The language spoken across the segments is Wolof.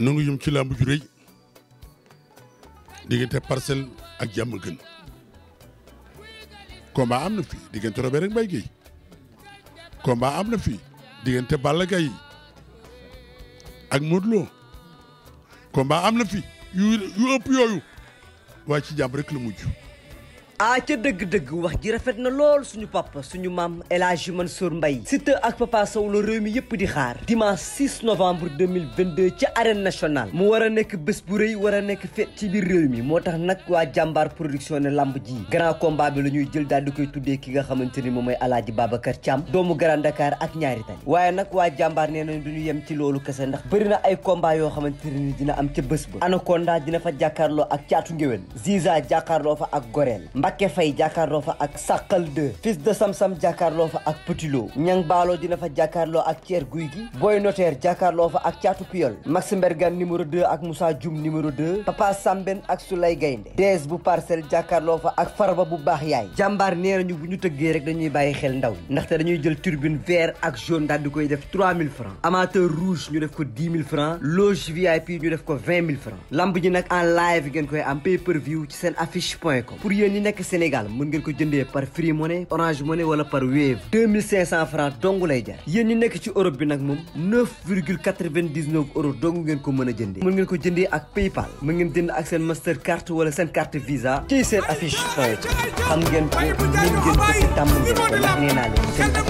nu ngi jëm ci làmb ju rëy diggante parcelle ak jàmm gën combat am na fi diggante Robert ak Mbaye Guèye combat am na fi diggante Balla Gaye ak Modou Lo combat am na fi yu yu ëpp yooyu waaye ci jàmm rek la mujj ah ca dëgg-dëgg wax ji rafet na lool suñu papa suñu maam El Hadji mbay Mbaye Siteu ak Papa Sow la réew mi yëpp di xaar dimanche 6 novembre 2022 ci arène nationale mu war a nekk bés bu rëy war a nekk fête ci biir réew mi moo tax nag waa jàmbaar production ne lamb ji grand combat bi la ñuy jël daal di koy tuddee ki nga xamante ni moom mooy Alaaji Babacar Thiam doomu Grand Dakar ak ñaari tali waaye nag waa jàmbaar nee nañ duñu yem ci loolu kese ndax bëri na ay combat yoo xamante ni dina am ca bés ba Anaconda dina fa jàkkaarloo ak caatu ngéwél Ziza jàkkaarloo fa ak Gorel Mbacke Faye jàkkaarloo fa ak Sakal 2 fils de Samsam jàkkaarloo fa ak Petit Lo Ñang Baalo dina fa jàkkaarloo ak Thier Guy gi Boy Notaire jàkkaarloo fa ak Caatu Piyol Max Mbergan numéro 2 ak Moussa Dioum numéro 2 Papa Samben ak Soulay Gaynde dees bu Parcelles jàkkaarloo fa ak Farba bu baax yaay jàmbaar nee nañu bu ñu tëggee rek dañuy bàyyi xel ndaw ndaxte dañuy jël turbine vert ak jaune daal di koy def 3000 francs amateur rouge ñu def ko 10 000 francs loge VIP ñu ko 20 000 francs lamb nekk Sénégal mën ngeen ko jëndee par Free Money Orange Money wala par Wave 2500 lay jar yéen ñi nekk ci Europe bi nag moom 9,99 euros ngeen ko mën a jëndee mën ngeen ko jëndee ak Paypal mën ngeen jënd ak seen Mastercard wala seen carte Visa ci seen affiche xam ngeen ko mën ngeen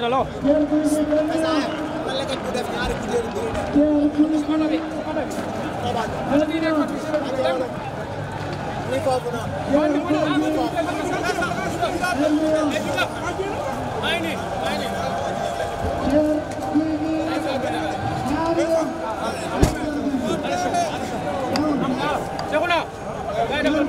dalo Segula, gaya dapat.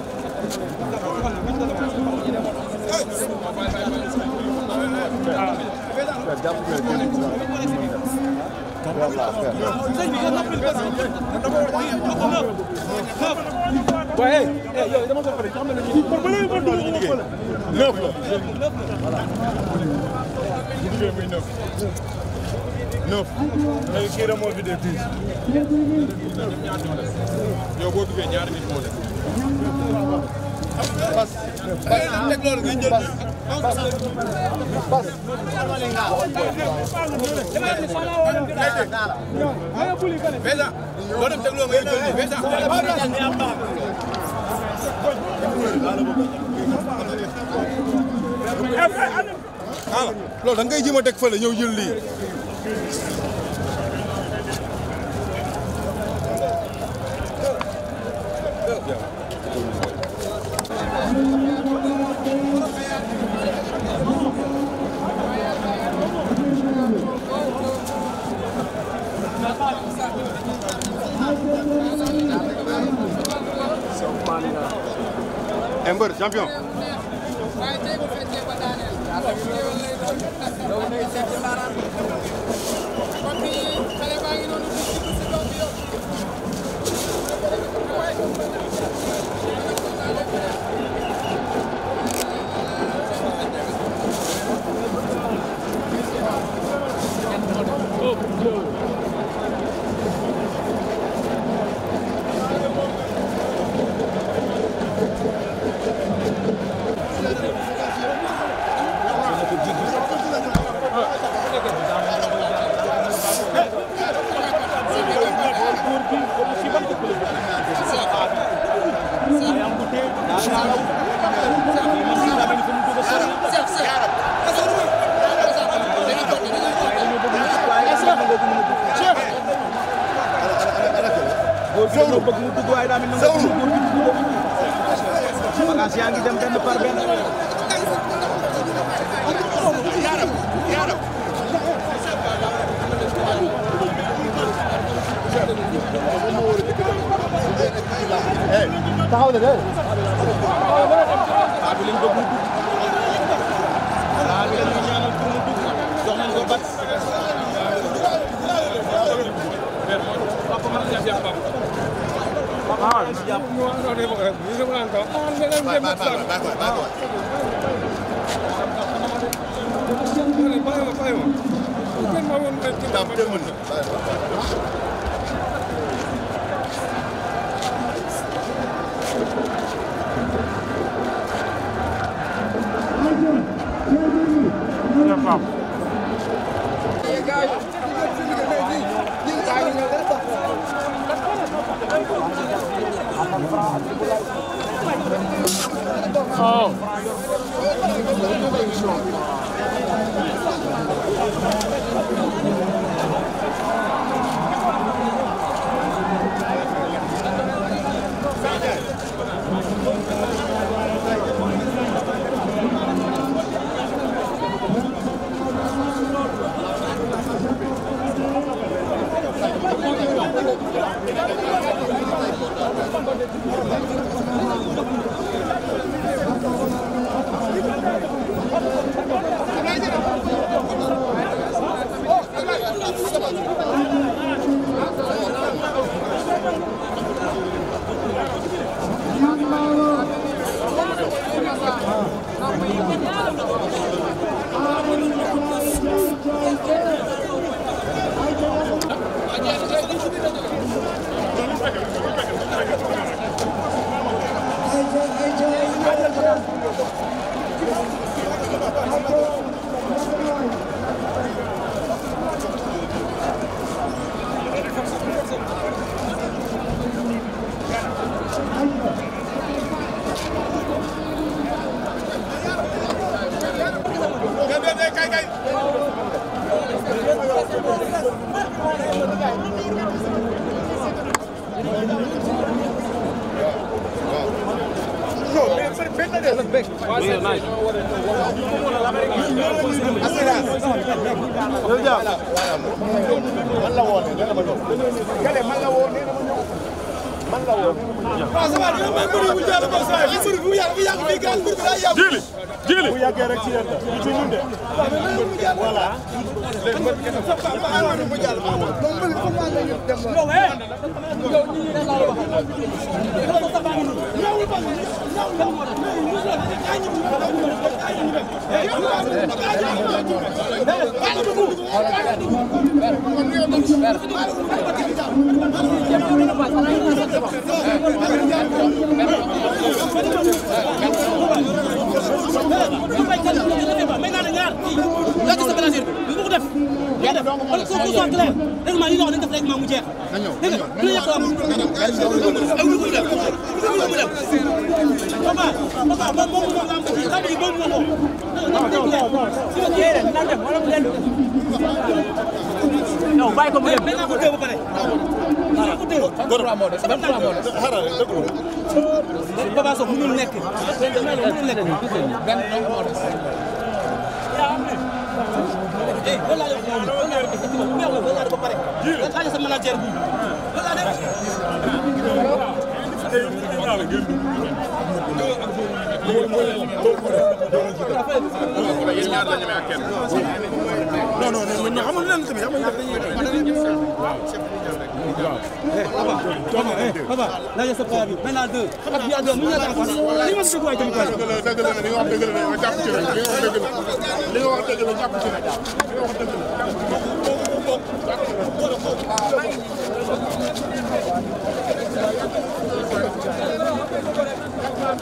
waaye yow dama ko xam ne dañuy ba léegi man dugg ko fële. neuf la neuf. ay kii rek moo fi dee dix. yow boo duggee ñaari nit moo def. loolu da ngay jéem a teg fële lii ay mbër champion. Go, oh, go. avance yaa ngi dem benn par benn. taxaw na de. waaw bi lañ bëgg mu Tamam. Tamam. Tamam. jili jili bu yàggee rek ci yéen ci ñun de voilà Gracias, def yaa def c'est ça clair règlement yi nga wax dañ def règlement mu jeex dégg nga ku la yàq làmb papa papa moom moom làmb ci xam yi moom moo ko non bàyyi ko mu dem dañ ko téye ba pare dañ ko téye ba pare papa so mënul nekk mënul nekk eh loolu laa leen wax noonu loolu laa leen wax noonu bu weex la loolu laa leen ba pare. lan laajee sa manager bi loolu laa leen. non non non ñoo xamul lan tamit xamul dañuy waaw waaw papa la ya sa papa bi maintenant deux ak bi deux mu ñata ko li ma sukk waay tamit quoi dëgg la li nga wax dëgg la jàpp ci rek li nga wax dëgg la li nga wax dëgg la jàpp ci rek li nga wax dëgg la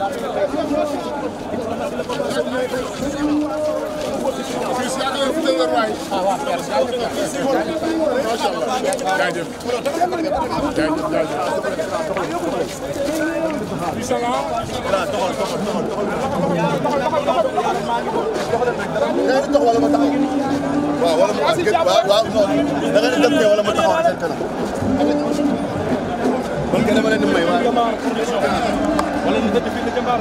man nga dama leen di may waaye wala ñu dëkk fii la jëmbaar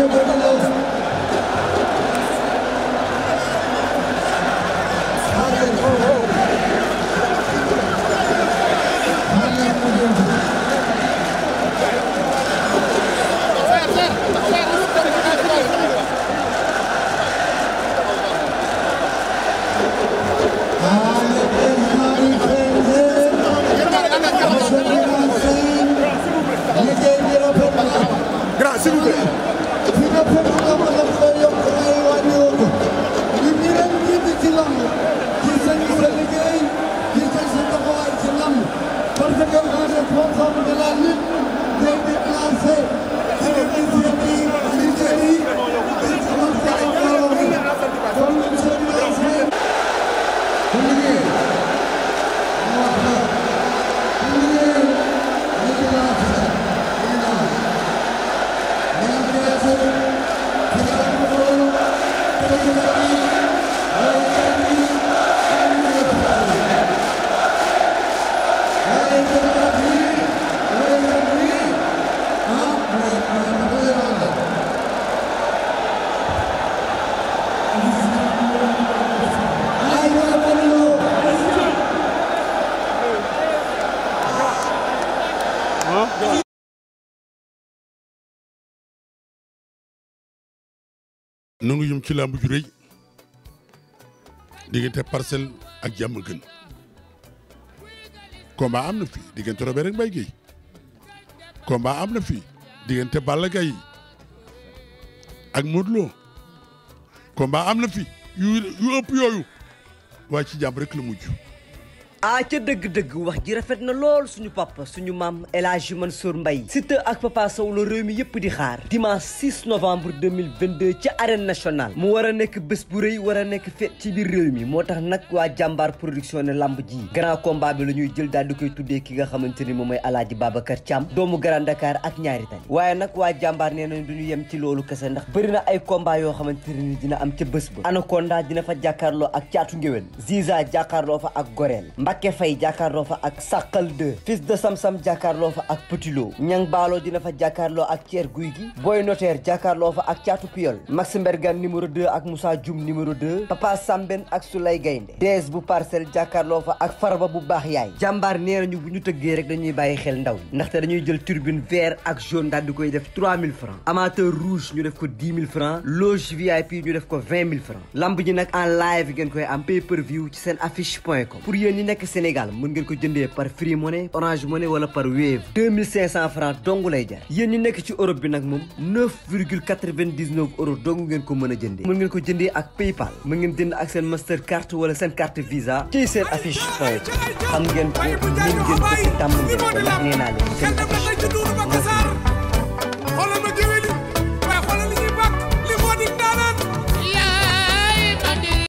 Thank you. ci làmb ju rëy diggante parcelle ak jàmm gën combat am na fi diggante Robert ak Mbaye Guèye combat am na fi diggante Balla Gaye ak Modou Lo combat am na fi yu yu ëpp yooyu waaye ci jàmm rek la mujj ah ca dëgg-dëgg wax ji rafet na lool suñu papa suñu maam El Hadji mbay Mbaye Siteu ak Papa Sow la réew mi yëpp di xaar dimanche 6 novembre 2022 ci arène nationale mu war a nekk bés bu rëy war a nekk fet ci biir réew mi moo tax nag waa jàmbaar production ne lamb ji grand combat bi la ñuy jël daal di koy tuddee ki nga xamante ni moom mooy El Hadji Babacar Thiam doomu Grand Dakar ak ñaari tali waaye nag waa jàmbaar nee nañ du ñu yem ci loolu kese ndax bëri na ay combat yoo xamante ni dina am ca bés ba Anaconda dina fa jàkkaarloo ak caatu ngéwél Ziza jàkkaarloo fa ak Gorel Mbacke Faye jàkkaarloo fa ak Sakal 2 fils de Samsam jàkkaarloo fa ak Petit Lo Ñang Baalo dina fa jàkkaarloo ak Thier Guy gi Boy Notaire jàkkaarloo fa ak Caatu Piyol Max Mbergan numéro 2 ak Moussa Dioum numéro 2 Papa Samben ak Soulay Gaynde dees bu parcelle jàkkaarloo fa ak Farba bu baax yaay jàmbaar nee nañu bu ñu tëggee rek dañuy bàyyi xel ndaw ndaxte dañuy jël turbine vert ak jaune daal di koy def 3000 francs amateur rouge ñu def ko 10 000 francs loge VIP ñu def ko 20 000 francs lamb ji nag en live nekk Sénégal mun ngeen ko jëndee par Free Money Orange Money wala par Wave 2500 francs dong lay jar yéen ñi nekk ci Europe bi nag moom 9,99 euros dong ngeen ko mën a jëndee mun ngeen ko jëndee ak Paypal mun ngeen jënd ak seen Mastercard wala seen carte Visa ci seen affiche point xam ngeen ko mun ngeen ko si tàmm ngeen ko ndax